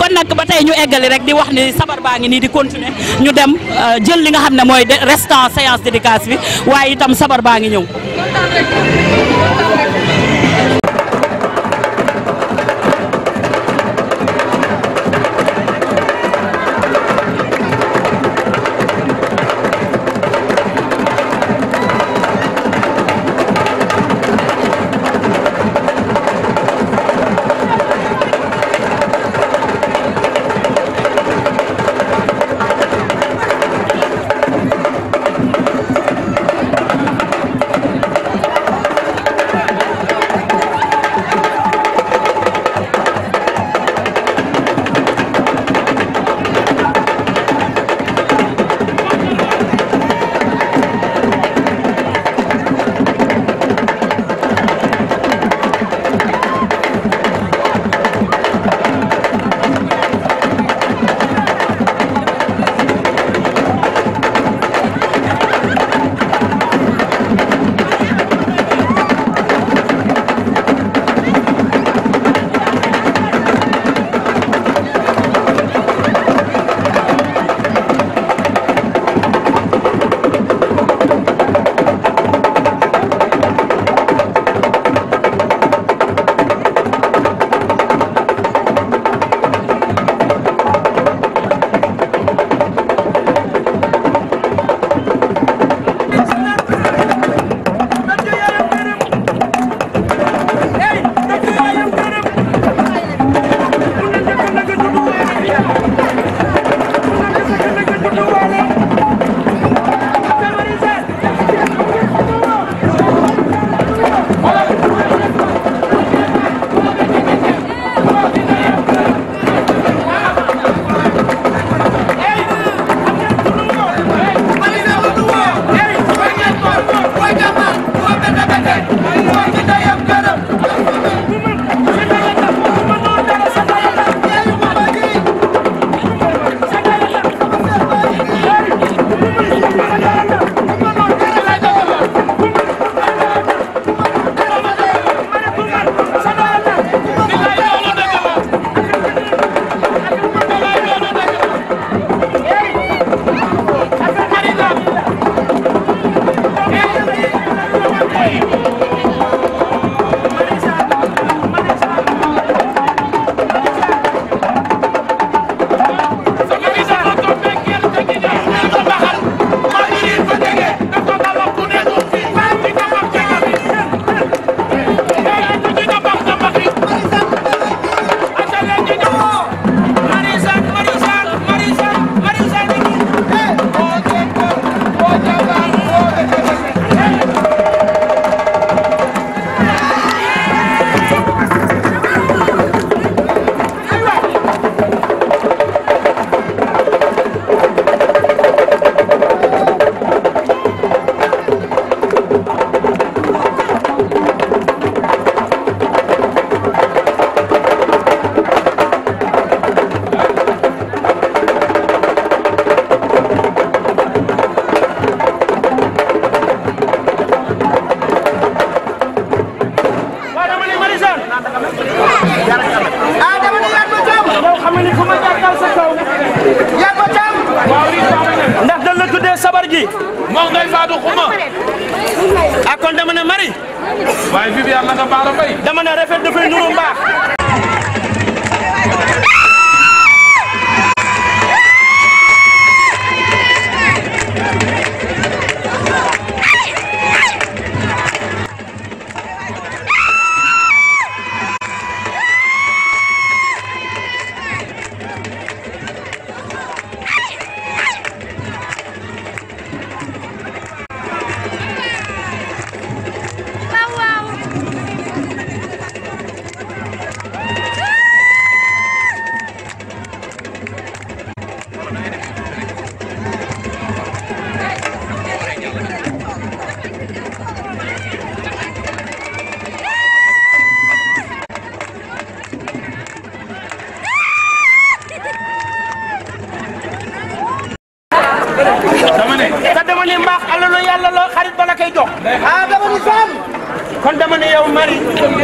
kon nag ba tey ñu eggali rek di wax ni sabar baa ngi nii di continuer ñu dem euh, jël li nga xam ne mooy restant séance dédicace bi waaye itam sabar baa ngi ñëw Fatou Xuma ah kon dama ne Marie waaye Viviane naka Baara Mbaye dama ne rafet dafay nuru mbaax Marito.